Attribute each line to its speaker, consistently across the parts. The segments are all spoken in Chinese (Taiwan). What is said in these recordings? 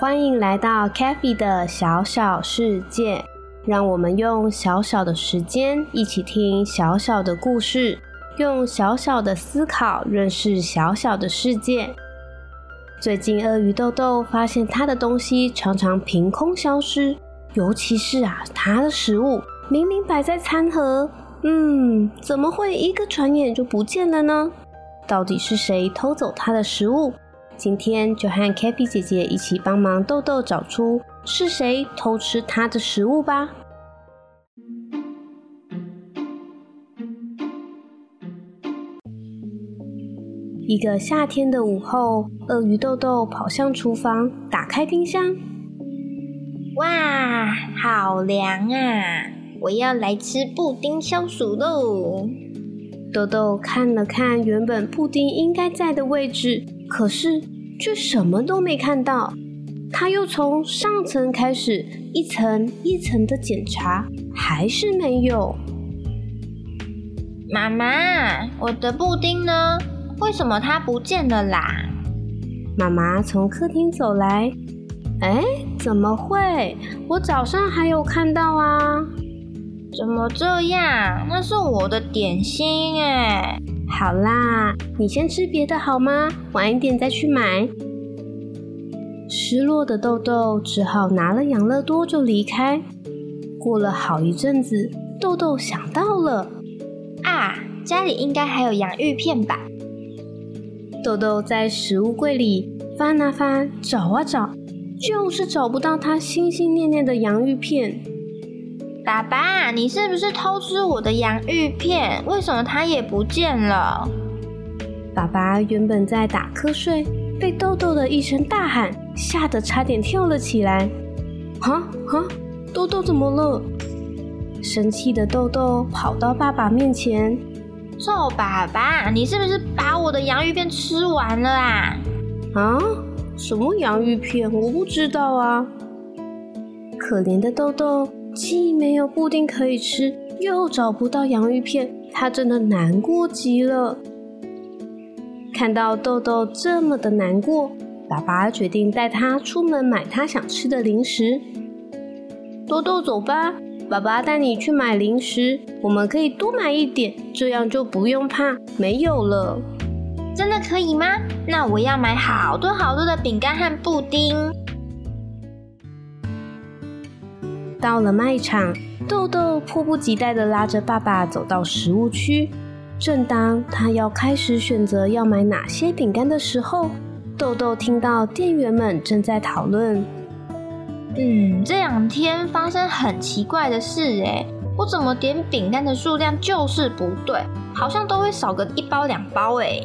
Speaker 1: 歡迎來到 CaFi 的小小世界。讓我們用小小的時間一起聽小小的故事，用小小的思考認識小小的世界。最近，鱷魚豆豆發現他的東西常常憑空消失。尤其是啊，他的食物明明擺在餐盒，嗯，怎麼會一個轉眼就不見了呢？到底是誰偷走他的食物？今天就和 CaFi 姐姐一起幫忙荳荳找出是誰偷吃他的食物吧。一個夏天的午後，鱷魚荳荳跑向廚房，打開冰箱。哇，好涼啊！我要來吃布丁消暑嘍。豆豆看了看原本布丁應該在的位置，可是卻什麼都沒看到。他又從上層開始一層一層的檢查，還是沒有。媽媽，我的布丁呢？為什麼它不見了啦？媽媽從客廳走來。哎，怎麼會？我早上還有看到啊！怎麼這樣？那是我的點心耶！好啦，你先吃別的好嗎？晚一點再去買。失落的豆豆只好拿了養樂多就離開。過了好一陣子，豆豆想到了啊，家裡應該還有洋芋片吧？豆豆在食物櫃裡翻啊翻，找啊找。就是找不到他心心念念的洋芋片。爸爸，你是不是偷吃我的洋芋片？為什麼他也不見了？爸爸原本在打瞌睡，被豆豆的一聲大喊嚇得差點跳了起來。啊啊！豆豆怎麼了？生氣的豆豆跑到爸爸面前，臭爸爸，你是不是把我的洋芋片吃完了啊？啊什麼洋芋片？我不知道啊！可憐的豆豆，既沒有布丁可以吃，又找不到洋芋片，他真的難過極了。看到豆豆這麼的難過，爸爸決定帶他出門買他想吃的零食。豆豆，走吧，爸爸帶你去買零食，我們可以多買一點，這樣就不用怕沒有了。真的可以嗎？那我要買好多好多的餅乾和布丁。到了賣場，豆豆迫不及待的拉着爸爸走到食物區。正當他要開始選擇要買哪些餅乾的時候，豆豆聽到店員們正在討論：“嗯，這兩天發生很奇怪的事欸，我怎麼點餅乾的數量就是不對，好像都會少個一包兩包欸。”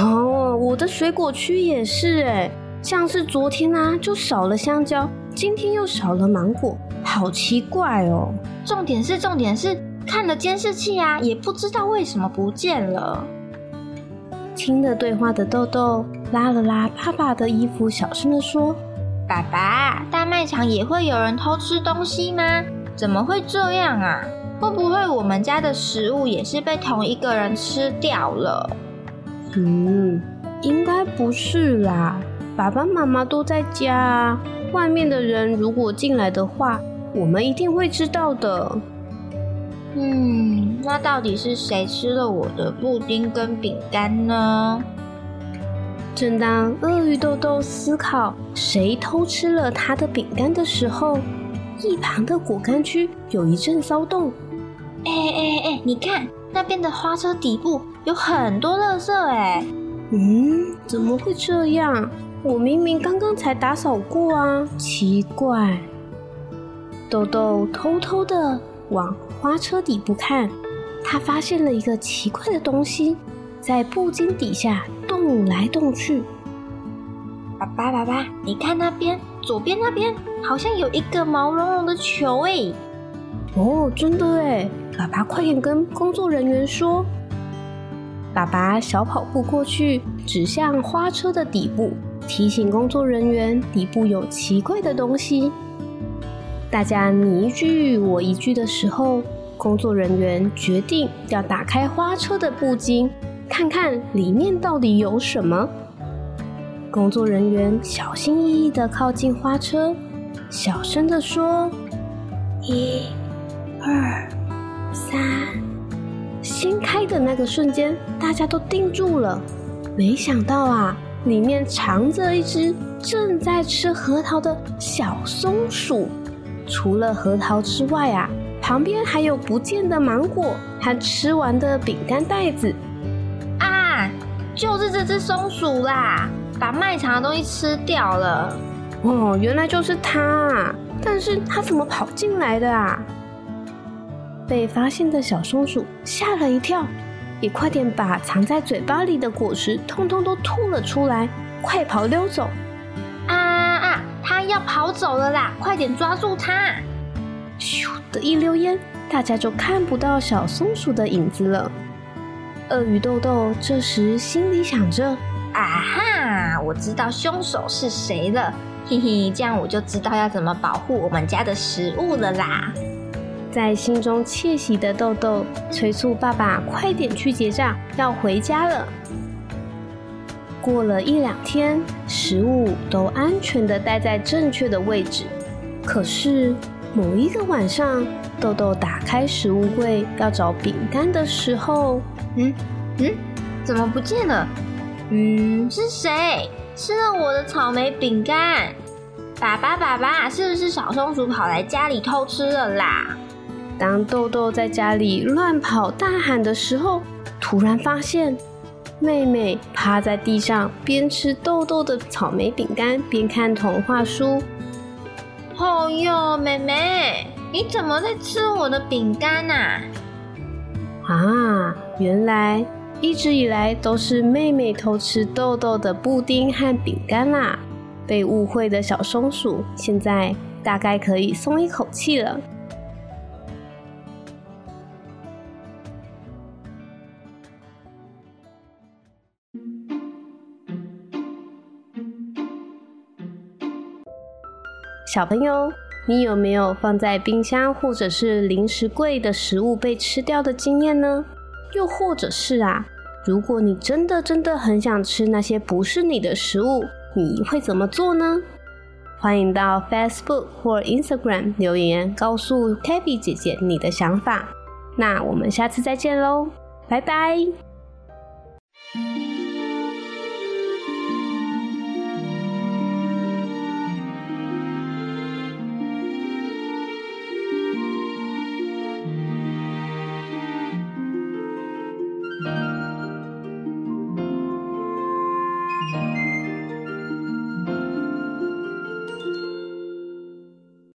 Speaker 1: 哦，oh, 我的水果區也是哎，像是昨天啊，就少了香蕉，今天又少了芒果，好奇怪哦。重點是重點是，看了監視器啊，也不知道為什麼不見了。聽了對話的豆豆拉了拉爸爸的衣服，小聲的說：“爸爸，大賣場也會有人偷吃東西嗎？怎麼會這樣啊？會不會我們家的食物也是被同一個人吃掉了？”嗯，應該不是啦。爸爸媽媽都在家，外面的人如果進來的話，我們一定會知道的。嗯，那到底是誰吃了我的布丁跟餅乾呢？正當鱷魚豆豆思考誰偷吃了他的餅乾的時候，一旁的果乾區有一陣騷動。哎哎哎，你看！那邊的花車底部有很多垃圾哎、欸，嗯，怎麼會這樣？我明明剛剛才打掃過啊，奇怪。豆豆偷，偷偷地往花車底部看，他發現了一個奇怪的東西，在布巾底下動來動去。爸爸，爸爸，你看那邊，左邊那邊好像有一個毛茸茸的球哎、欸。哦，真的耶！爸爸，快點跟工作人員說。爸爸小跑步過去，指向花車的底部，提醒工作人員底部有奇怪的東西。大家你一句我一句的時候，工作人員決定要打開花車的布巾，看看裡面到底有什麼。工作人員小心翼翼的靠近花車，小聲的說：“一。”二三，掀開的那個瞬間，大家都定住了。沒想到啊，裡面藏着一隻正在吃核桃的小松鼠。除了核桃之外啊，旁邊還有不見的芒果，和吃完的餅乾袋子。啊，就是這隻松鼠啦，把賣場的東西吃掉了。哦，原來就是它啊，但是它怎麼跑進來的啊？被發現的小松鼠嚇了一跳，也快點把藏在嘴巴裡的果實通通都吐了出來，快跑溜走！啊啊，它，啊，要跑走了啦！快點抓住它！咻的一溜煙，大家就看不到小松鼠的影子了。鱷魚豆豆這時心裡想着：啊哈，我知道凶手是誰了，嘿嘿，這樣我就知道要怎麼保護我們家的食物了啦。在心中竊喜的豆豆，催促爸爸快點去結賬，要回家了。過了一兩天，食物都安全地待在正確的位置。可是某一個晚上，豆豆打開食物櫃要找餅乾的時候，嗯嗯，怎麼不見了？嗯，是誰吃了我的草莓餅乾？爸爸，爸爸，是不是小松鼠跑來家裡偷吃了啦？當豆豆在家裡亂跑大喊的時候，突然發現妹妹趴在地上，邊吃豆豆的草莓餅乾，邊看童話書。好喲，妹妹，你怎麼在吃我的餅乾呢？啊，原來一直以來都是妹妹偷吃豆豆的布丁和餅乾啦！被誤會的小松鼠現在大概可以鬆一口氣了。小朋友，你有沒有放在冰箱或者是零食櫃的食物被吃掉的經驗呢？又或者是啊，如果你真的真的很想吃那些不是你的食物，你會怎麼做呢？歡迎到 Facebook 或 Instagram 留言告訴 CaFi 姐姐你的想法。那我們下次再見嘍，拜拜。